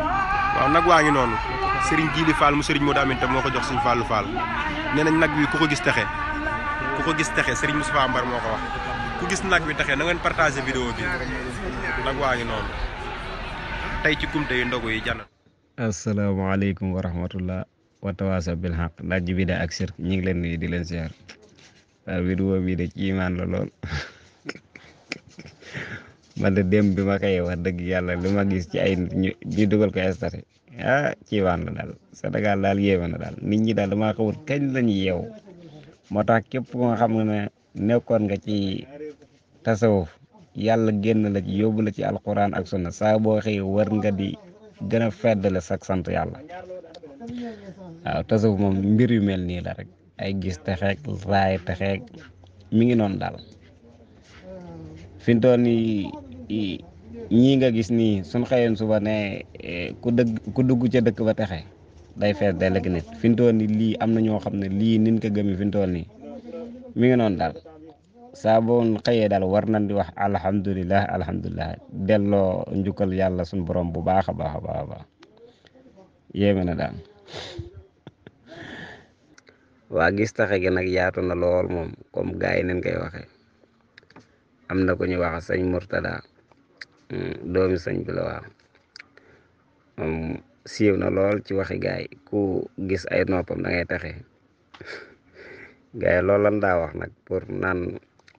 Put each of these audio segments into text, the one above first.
waaw nag waa ngi noonu sëriñ Jili Fall mu sëriñ Modou Aminta moo ko jox suñu Fallou Fall nee nañ nag bi ku ko gis texe ku ko gis texe sëriñ Moustapha Mbar moo ko wax ku gis nag bi texe na ngeen bi nag waa ngi noonu tey ci kumte yu ndogu yi jànn asalaamaaleykum wa rahmatullah wa tawaasa bil xaq laaj bi de ak sirk ñu ngi leen nuyu di leen siyaar waaw vidéo bi ci imaan la lool man de démb bi ma koy wax dëgg yàlla li ma gis ci ay nit ñu ñu dugal ko statut ah ci waan la daal Sénégal daal yéeme na daal nit ñi daal damaa xamul kañ lañu yeew moo tax képp ko nga ne nekkoon nga ci tasawuf yàlla génn la ci yóbbu la ci alquran ak na saa boo xëy war nga di gën a feddale sax sant yàlla waaw tasawuf moom mbir yu mel nii la rek ay gis texeeg raay texeeg mi ngi noonu daal fi mu toll ñii nga gis nii suñ xëyoon suba ne eh, ku dëgg ku dugg ca dëkk ba texe day fees day lëkk nit fi mu toll nii lii am na ñoo xam ne lii nin ko gëmee fi mu toll nii mi ngi noonu daal xëyee daal war nañ di wax alhamdulilah alhamdulilah delloo njukkal yàlla suñ borom bu baax a baax a baax a baax yéeme na daal. waa gis taxe gi nag yaatu na lool moom comme gars yi nañ koy waxee. am na ko ñu wax sëñ Murtada eh, doomi sëñ bi la siiw na lool ci waxi gaay ku gis ay noppam da ngay taxe gaay lool lan daa wax nag pour naan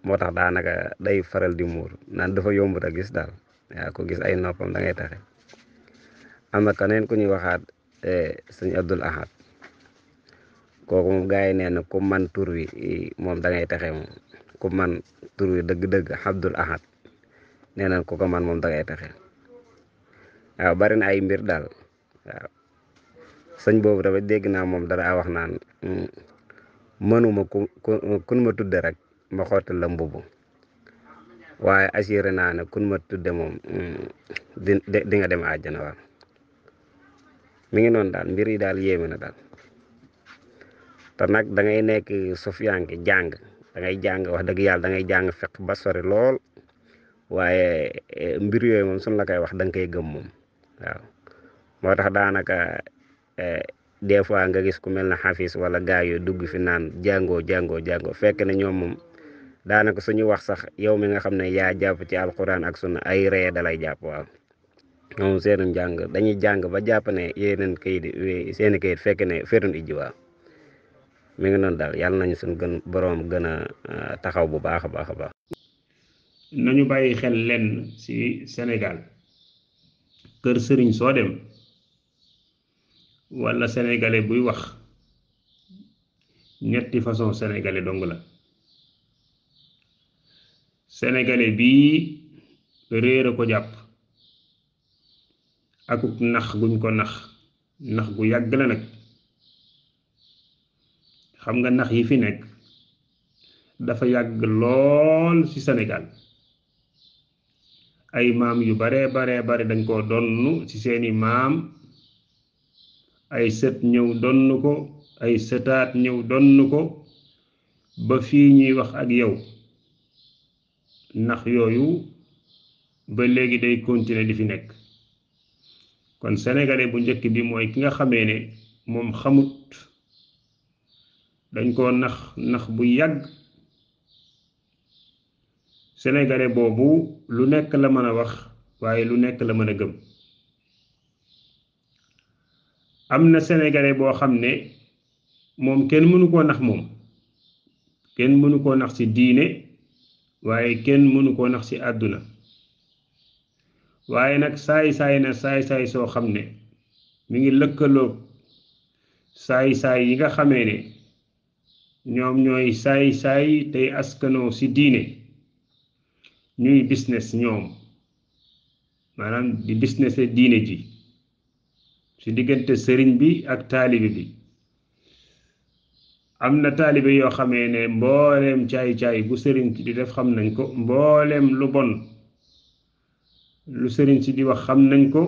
moo tax daanaka day faral di muur naan dafa yombut a gis daal waaw ku gis ay noppam da ngay taxe am na ku ñuy waxaat eh, sëñ Abdul Ahad kooku moom gaay yi nee na ku man tur wi eh, moom da ngay taxe moom ku man tur wi dëgg-dëgg Abdul Ahad nee nañ ku ko man moom daga pexe waaw bari na ay mbir daal waaw sëñ boobu tamit dégg naa moom dara wax naan mm, mënuma ku kun ma tudde rek ma xottal la mbubu waaye assuré naa ne kun ma tudde moom mm, di dem àjjana waaw mi ngi noonu daal mbir yi daal yéeme na daal te nag da ngay nekk sufiyanke jàng da ngay jàng wax dëgg yàlla da ngay jàng fekk ba sori lool waaye e, mbir yooyu moom suñ la koy wax da nga koy gëm moom moo tax daanaka e, des fois nga gis ku mel ne xafis wala gaa yooyu dugg fi naan jàngoo jàngoo jàngoo fekk ne ñoom moom daanaka suñu wax sax yow mi nga xam ne yaa jàpp ci alquran ak sunna ay ree dalay jàpp waaw ñoom seenum jàng dañuy jàng ba jàpp ne yeneen kayit seeni kayit fekk ne ferun ijji waaw mi ngi noonu daal yàlla nañu suñu gën boroom gën euh, taxaw bu baax a baax a baax. nañu bàyyi xel lenn ci Sénégal kër sëriñ soo dem walla sénégalais buy wax ñetti façon sénégalais dong la sénégalais bii réer a ko jàpp akuk nax guñ ko nax nax gu yàgg la nag. xam nga nax yi fi nekk dafa yàgg lool ci Sénégal ay maam yu baree baree bare dañ koo donnu ci seeni maam ay sët ñëw donn ko ay sëtaat ñëw donn ko ba fii ñuy wax ak yow nax yooyu ba léegi day continuer li fi nekk kon sénégalais bu njëkk bi mooy ki nga xame ne moom xamut dañ koo nax nax bu yàgg sénégalais boobu lu nekk la mën a wax waaye lu nekk la mën a gëm am na sénégalais boo xam ne moom kenn mënu koo nax moom kenn mënu koo nax ci diine waaye kenn mënu koo nax ci àdduna waaye nag saay-saay na saay-saay soo xam ne mu ngi lëkkaloo saay-saay yi nga xamee ne ñoom ñooy saay-saay tey askanoo ci diine ñuy bisnes ñoom maanaam di business diine ji ci diggante sëriñ bi ak taalibe bi am na taalibe yoo xamee ne mbooleem caay-caay bu sëriñ ci di def xam nañ ko mbooleem lu bon lu sëriñ ci di wax xam nañ ko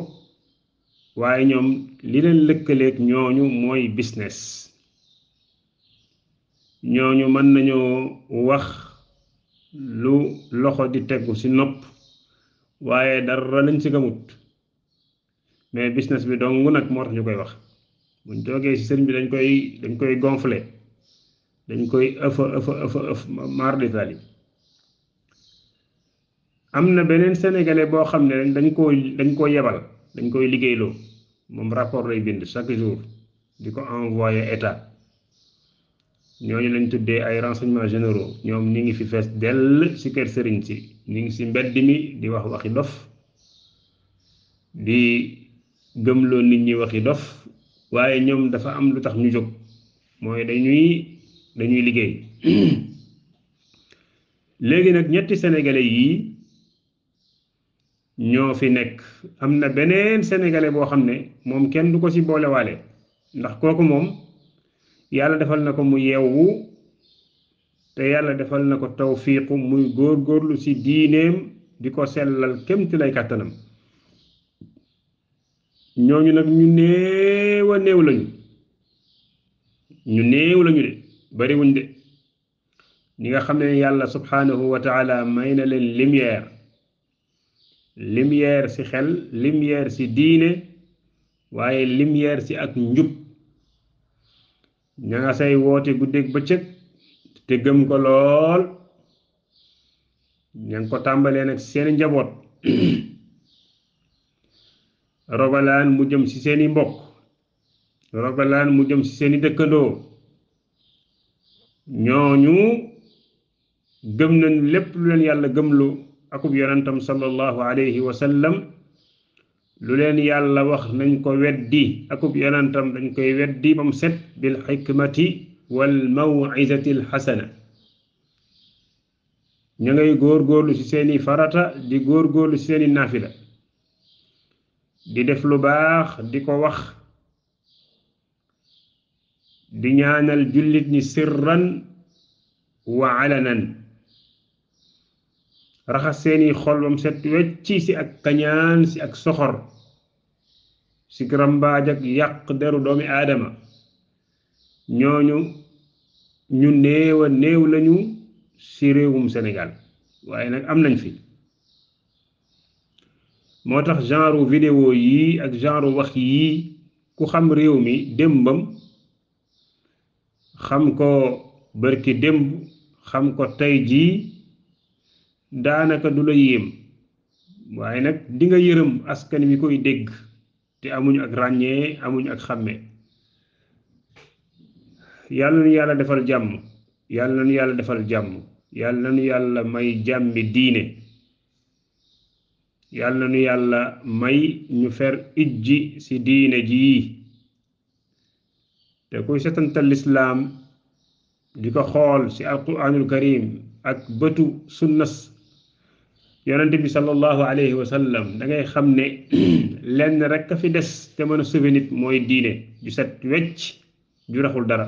waaye ñoom li leen lëkkaleeg ñooñu mooy bisnes ñooñu mën nañoo wax lu loxo di tegu ci nopp waaye dara lañ ci mais business bi dong nag moo tax ñu koy wax buñ toogee ci sëriñ bi dañ koy dañ koy gonfler dañ koy ëff ëff ëff ëff maar am na beneen sénégalais boo xam ne dañ koo dañ koo yebal dañ koy liggéeyloo moom rapport lay bind chaque jour di ko envoyé état. ñooñu lañu tuddee ay renseignements généraux ñoom ñi ngi fi fees dell ci kër sëriñ si ñi ngi ci mbedd mi di wax waxi dof di gëmloo nit ñi waxi dof waaye ñoom dafa am lu tax ñu jóg mooy dañuy dañuy liggéey léegi nag ñetti sénégalais yii ñoo fi nekk am na beneen sénégalais boo xam ne moom kenn du ko ci boolewaale ndax kooku moom yàlla defal na ko mu yeewu te yàlla defal na ko tawfiiqu muy góorlu ci diineem di ko sellal kémti lay kàttanam ñooñu nag ñu néew a lañu ñu neew lañu de bariwuñ de ñi nga xam ne yàlla subhaanahu wa taala may na leen lumière lumière ci xel lumière ci diine waaye lumière ci ak njub ña nga say woote guddeeg bëccëg te gëm ko lool ña ko tàmbalee nag seeni njaboot rogalaan mu jëm ci seeni mbokk rogalaan mu jëm ci seeni dëkkandoo ñooñu gëm nañ lépp lu leen yàlla gëmlu akub yonentam sallallahu alayhi wa sallam lu leen yàlla wax nañ ko weddi akub yonentam dañ koy weddi ba mu set bil xikmati wal mawizati al xasana ñu ngay góorgóorlu ci seeni farata di góorgóorlu ci seeni naafila di def lu baax di ko wax di ñaanal jullit ñi sirran wa alanan raxas seeni xol bam set wecci ci ak kañaan ci ak soxor si rambaaj ak yàq deru doomi aadama ñooñu ñu néew a néew lañu ci réewum Sénégal waaye nag am nañ fi moo tax genre vidéo yii ak genre wax yi ku xam réew mi dëmbam xam ko bërki démb xam ko tey jii daanaka du la yéem waaye nag di nga yërëm askan wi koy dégg te amuñu ak ràññee amuñu ak xàmme yàlla na yàlla defal jàmm yàlla na yàlla defal jàmm yàlla na yàlla may jàmmi diine yàlla na nu yàlla may ñu fer ijji ci diine jii te kuy setantal lislaam di ko xool ci alquranul karim ak bëtu sunnas yonent bi sallallahu alayhi wa sallam da ngay xam ne lenn rek a fi des te mën a sauver nit mooy diine ju set wecc ju raxul dara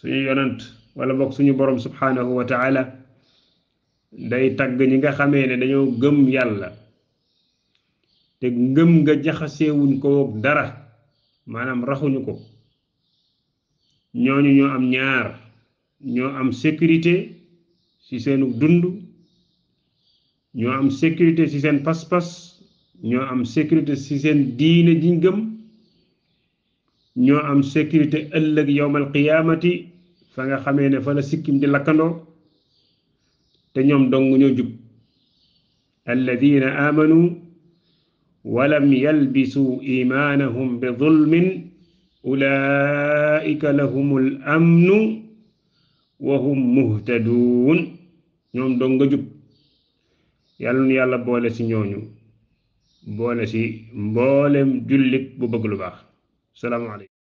suñu yonant wala bokk suñu borom subhanahu wa taala day tagg ñi nga xamee ne dañoo gëm yàlla te gëm nga jaxasewuñ ko woog dara maanaam raxuñu ko ñooñu ñoo am ñaar ñoo am sécurité ci seenu dund ñoo am sécurité ci seen pas-pas ñoo am sécurité ci seen diine jiñ ñoo am sécurité ëllëg yowmal qiyaamati fa nga xamee ne fa la sikkim di lakkandoo te ñoom dong ñoo jub alladina amanu walam yalbisu imaanahum bi zulmin ulaika lahumul amnu wa hum muhtaduun ñoom dong nga jub yàlla nu yàlla boole ci ñooñu boole si mboolem jullit bu bëgg lu baax salaamaaleykum